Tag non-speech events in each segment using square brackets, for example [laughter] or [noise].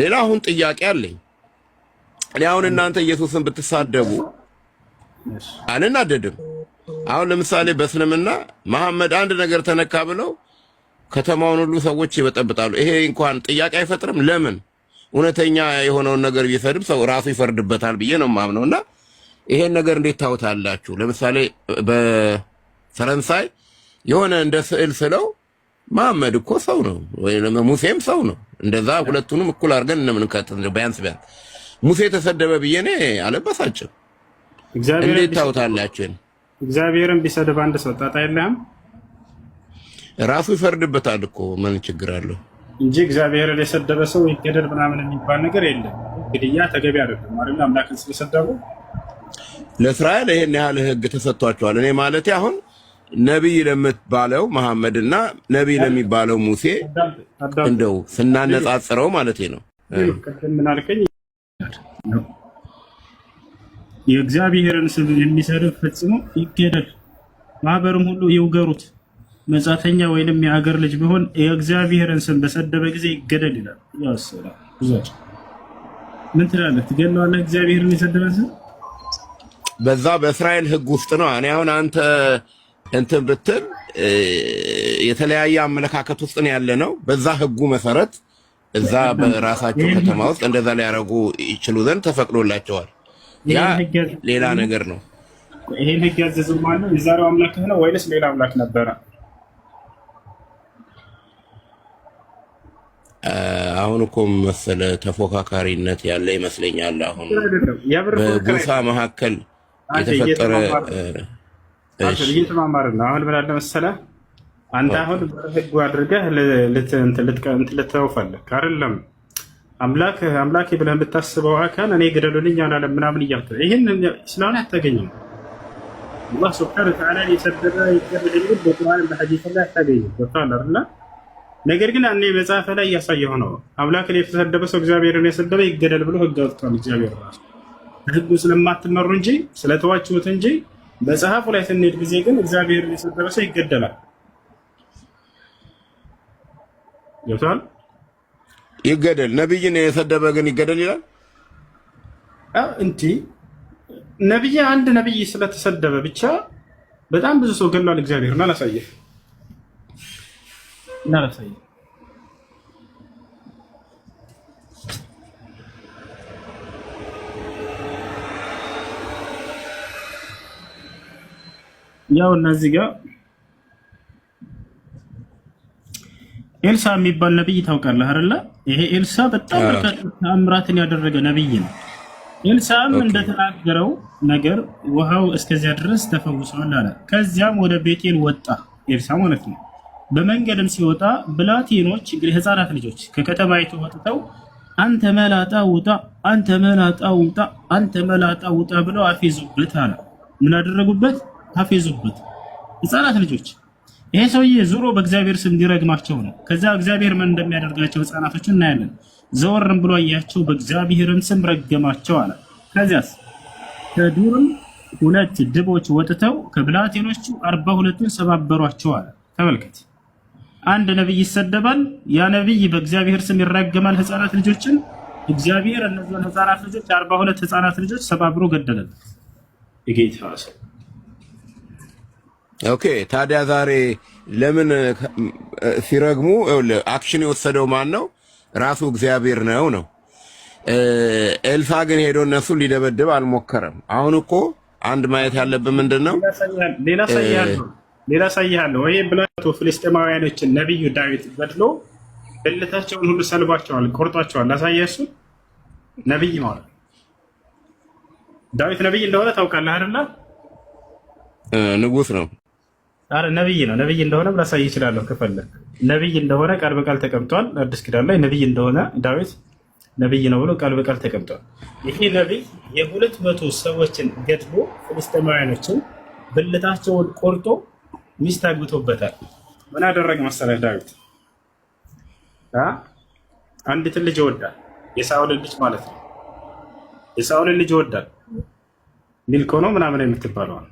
ሌላ አሁን ጥያቄ አለኝ። እኔ አሁን እናንተ ኢየሱስን ብትሳደቡ አንናደድም። አሁን ለምሳሌ በእስልምና መሐመድ አንድ ነገር ተነካ ብለው ከተማውን ሁሉ ሰዎች ይበጠብጣሉ። ይሄ እንኳን ጥያቄ አይፈጥርም። ለምን እውነተኛ የሆነውን ነገር ቢሰድብ ሰው ራሱ ይፈርድበታል ብዬ ነው የማምነው። እና ይሄን ነገር እንዴት ታውታላችሁ? ለምሳሌ በፈረንሳይ የሆነ እንደ ስዕል ስለው መሐመድ እኮ ሰው ነው ወይ ሙሴም ሰው ነው። እንደዛ ሁለቱንም እኩል አድርገን እንደምንከት ቢያንስ ቢያንስ ሙሴ ተሰደበ ብዬ እኔ አልበሳጭም። እንዴት ታውታላችሁ? እግዚአብሔርን ቢሰድብ አንድ ሰው ጣጣ የለም። ራሱ ይፈርድበታል እኮ ምን ችግር አለው እንጂ እግዚአብሔርን የሰደበ ሰው ይገደል ምናምን የሚባል ነገር የለም። ግድያ ተገቢ አይደለም አይደል? አምላክን ስለሰደቡ ለእስራኤል ይሄን ያህል ህግ ተሰጥቷቸዋል። እኔ ማለቴ አሁን ነቢይ ለምትባለው መሐመድ እና ነቢይ ለሚባለው ሙሴ እንደው ስናነጻጽረው ማለት ነው። የእግዚአብሔርን ስም የሚሰድብ ፈጽሞ ይገደል፣ ማህበርም ሁሉ ይውገሩት። መጻተኛ ወይንም የአገር ልጅ ቢሆን የእግዚአብሔርን ስም በሰደበ ጊዜ ይገደል ይላል። ምን ትላለህ? ትገለዋለህ? እግዚአብሔርን የሰደበ ስም በዛ በእስራኤል ህግ ውስጥ ነው። እኔ አሁን አንተ እንትን ብትል የተለያየ አመለካከት ውስጥ ነው ያለ ነው። በዛ ህጉ መሰረት እዛ በራሳቸው ከተማ ውስጥ እንደዛ ሊያደርጉ ይችሉ ዘንድ ተፈቅዶላቸዋል። ያ ሌላ ነገር ነው። ይሄን ህግ ማለት ነው የዛሬው አምላክህ ነው ወይንስ ሌላ አምላክ ነበረ? አሁን እኮ መሰለ ተፎካካሪነት ያለ ይመስለኛል። አሁን በጎሳ መካከል የተፈጠረ እየተማማርን ነው። አሁን ብላለህ መሰለህ አንተ አሁን ህጉ አድርገህ ልትተው አይደለም። አምላክ አምላኬ ብለህ የምታስበው አካል እኔ ግደሉልኝ አላለም ምናምን እያልክ ይህን ስለሆነ አታገኝም። አላህ ስብሐነሁ ወተዓላ የሰደበ ይገደል በቁርአን በሐዲስ ላይ አታገኝም። ገብቶሃል አይደለ? ነገር ግን እኔ መጽሐፈ ላይ እያሳየሁ ነው። አምላክ ላይ የተሰደበ ሰው እግዚአብሔርን የሰደበ ይገደል ብሎ ህግ አውጥቷል። እግዚአብሔር ራሱ ህጉ ስለማትመሩ እንጂ ስለተዋችሁት እንጂ መጽሐፉ ላይ ስንሄድ ጊዜ ግን እግዚአብሔር የሰደበ ሰው ይገደላል። ገብቷል። ይገደል ነቢይን የሰደበ ግን ይገደል ይላል። እንቲ ነቢይ አንድ ነቢይ ስለተሰደበ ብቻ በጣም ብዙ ሰው ገሏል። እግዚአብሔር እና ላሳየህ እና ያው እነዚህ ጋር ኤልሳ የሚባል ነብይ ታውቃለህ አይደለ? ይሄ ኤልሳ በጣም ተአምራትን ያደረገ ነብይ ነው። ኤልሳም እንደተናገረው ነገር ውሃው እስከዚያ ድረስ ተፈውሷል አለ። ከዚያም ወደ ቤቴል ወጣ፣ ኤልሳ ማለት ነው። በመንገድም ሲወጣ ብላቴኖች እንግዲህ ህፃናት ልጆች ከከተማይቱ ወጥተው አንተ መላጣ ውጣ፣ አንተ መላጣ ውጣ፣ አንተ መላጣ ውጣ ብለው አፌዙበት አለ። ምን አደረጉበት? ሀፊዙበት ህፃናት ልጆች ይሄ ሰውዬ ዙሮ በእግዚአብሔር ስም ሊረግማቸው ነው። ከዛ እግዚአብሔር ምን እንደሚያደርጋቸው ህፃናቶችን እናያለን። ዘወርም ብሎ አያቸው፣ በእግዚአብሔርም ስም ረገማቸው አለ። ከዚያስ ከዱርም ሁለት ድቦች ወጥተው ከብላቴኖቹ አርባ ሁለቱን ሰባበሯቸው አለ። ተመልከት፣ አንድ ነቢይ ይሰደባል። ያ ነቢይ በእግዚአብሔር ስም ይረገማል ህፃናት ልጆችን። እግዚአብሔር እነዚያን ህፃናት ልጆች አርባ ሁለት ህፃናት ልጆች ሰባብሮ ገደለለት። የጌታ ሰው ኦኬ ታዲያ ዛሬ ለምን ሲረግሙ አክሽን የወሰደው ማን ነው? ራሱ እግዚአብሔር ነው ነው። ኤልሳ ግን ሄዶ እነሱን ሊደበድብ አልሞከረም። አሁን እኮ አንድ ማየት ያለብን ምንድን ነው? ሌላ ሳይያለሁ ይሄ ብላቶ ፍልስጤማውያኖችን ነቢዩ ዳዊት በድሎ ብልታቸውን ሁሉ ሰልቧቸዋል፣ ቆርጧቸዋል። ላሳያሱ ነቢይ ማለት ዳዊት ነቢይ እንደሆነ ታውቃለህ አይደለ? ንጉስ ነው። አረ ነብይ ነው። ነብይ እንደሆነ ላሳይ ይችላለሁ ከፈለግ። ነብይ እንደሆነ ቃል በቃል ተቀምጧል። አዲስ ኪዳን ላይ ነብይ እንደሆነ ዳዊት ነብይ ነው ብሎ ቃል በቃል ተቀምጧል። ይሄ ነብይ የሁለት መቶ ሰዎችን ገድሎ ፍልስጤማውያኖችን ብልታቸውን ቆርጦ ሚስት አግብቶበታል። ምን አደረገ መሰለህ? ዳዊት አንዲትን ልጅ ይወዳል። የሳኦልን ልጅ ማለት ነው። የሳኦልን ልጅ ይወዳል። ሚልኮ ነው ምናምን የምትባለዋል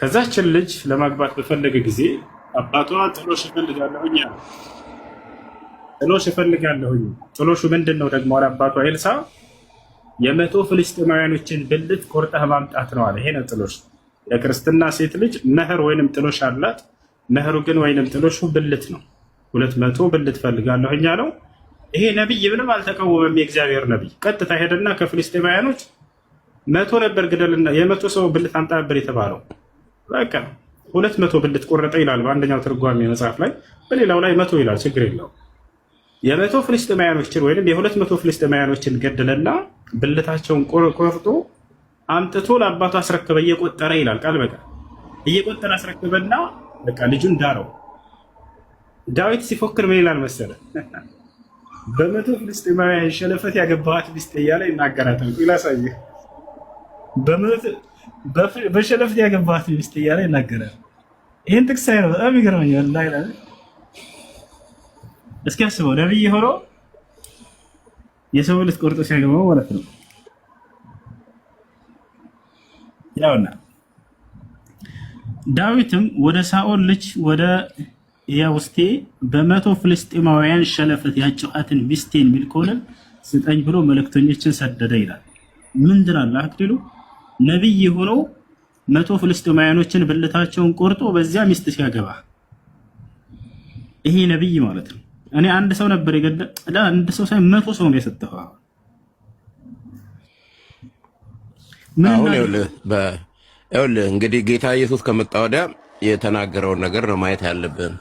ከዛችን ልጅ ለማግባት በፈለገ ጊዜ አባቷ ጥሎሽ እፈልጋለሁኝ አለ። ጥሎሽ እፈልጋለሁኝ። ጥሎሹ ምንድን ነው ደግሞ አለ አባቷ። ኤልሳ የመቶ ፍልስጤማውያኖችን ብልት ቆርጠህ ማምጣት ነው አለ። ይሄ ነው ጥሎሽ። ለክርስትና ሴት ልጅ መህር ወይንም ጥሎሽ አላት። መህሩ ግን ወይንም ጥሎሹ ብልት ነው። ሁለት መቶ ብልት ፈልጋለሁኝ አለው። ይሄ ነቢይ ምንም አልተቃወመም። የእግዚአብሔር ነቢይ ቀጥታ ሄደና ከፍልስጤማውያኖች መቶ ነበር ግደልና የመቶ ሰው ብልት አምጣ ነበር የተባለው በቃ ሁለት መቶ ብልት ቆረጠ ይላል በአንደኛው ትርጓሜ መጽሐፍ ላይ፣ በሌላው ላይ መቶ ይላል። ችግር የለው። የመቶ ፍልስጥማያኖችን ወይም የሁለት መቶ ፍልስጥማያኖችን ገደለና ብልታቸውን ቆርጦ አምጥቶ ለአባቱ አስረከበ። እየቆጠረ ይላል ቃል በቃል እየቆጠረ አስረከበና በቃ ልጁን ዳረው። ዳዊት ሲፎክር ምን ይላል መሰለ? [laughs] በመቶ ፍልስጥማውያን ሸለፈት ያገባኋት ሚስት እያለ ይናገራታል። ላሳይህ በሸለፍት ያገባት ሚስት እያለ ይናገራል። ይህን ጥቅስ ነው በጣም ይገርመኛል። ላይ እስኪ አስበው ነብይ ሆኖ የሰው ልጅ ቆርጦ ሲያገባው ማለት ነው። ያውና ዳዊትም ወደ ሳኦል ልጅ ወደ ያውስቴ በመቶ ፍልስጤማውያን ሸለፈት ያጨኋትን ሚስቴን ሚልኮልን ስጠኝ ብሎ መልእክተኞችን ሰደደ ይላል። ምንድን አለ አክሊሉ ነቢይ ሆኖ መቶ ፍልስጤማውያኖችን ብልታቸውን ቆርጦ በዚያ ሚስት ሲያገባ ይሄ ነቢይ ማለት ነው። እኔ አንድ ሰው ነበር የገደ አንድ ሰው ሳይ መቶ ሰው ነው የሰጠው። አሁን እንግዲህ ጌታ ኢየሱስ ከመጣ ወዲያ የተናገረውን ነገር ነው ማየት ያለብን።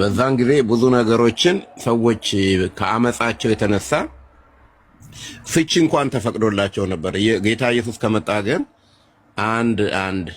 በዛን ጊዜ ብዙ ነገሮችን ሰዎች ከአመፃቸው የተነሳ ፍቺ እንኳን ተፈቅዶላቸው ነበር። ጌታ ኢየሱስ ከመጣ ግን አንድ አንድ